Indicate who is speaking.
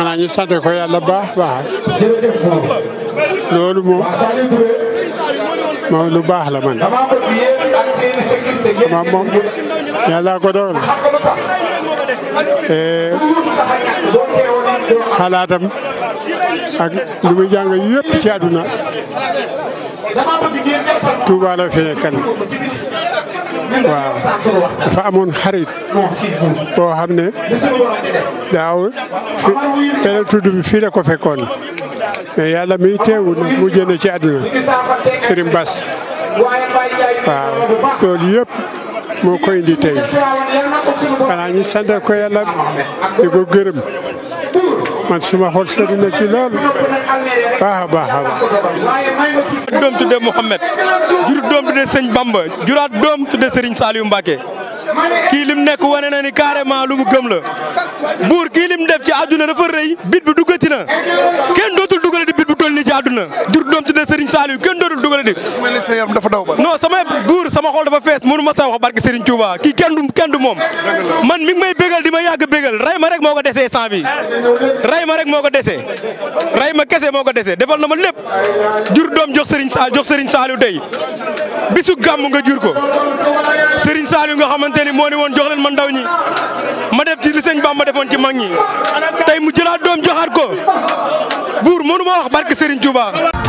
Speaker 1: xanaa ñu sant ko yàlla baax baax loolu moom lu baax la man ma moom yàlla ko dogal eh, xalaatam lu muy jàng yëpp ci àdduna Tuuba la waaw dafa amoon xarit boo xam ne daaw fi beneen tudd bi fii la ko fekkoon mais yàlla mi teewul nag mu génn ci àdduna Serigne Bass waaw loolu yëpp moo koy indi tey xanaa ñu sant ko yàlla di ko gërëm. man suma xol sedd na si lool baax a baax a baax. doom tudde Mouhamed jur doom tudde sëñ Bamba
Speaker 2: juraat doom tudde Serigne Saliou Mbacké kii lim nekk wane na ni carrément lu mu gëm la buur kii def ci àdduna dafa rëy bit bi duggati kenn dootul duggale di bit bu toll ci àdduna doom tuddee Serigne Saliou kenn dootul dugalati. mel ni sa dafa daw ba. non sama buur sama xol dafa fees mënu ma saw wax barke Serigne Touba kii kenn du kenn moom. man mi may bégal di ma yàgg bégal ray ma rek moo ko desee sang bi ray ma rek moo ko desee ray ma kese moo ko desee defal na ma lépp jur doom jox Serigne Sa jox Serigne Saliou tey bisu gàmm nga jur ko Serigne Saliou nga xamante ni moo ni woon jox leen ma ndaw ñi ma def ci li sëñ Bamba defoon ci mag ñi tey mu jëlaat doom joxaat ko buur mënu ma wax barke Serigne Touba.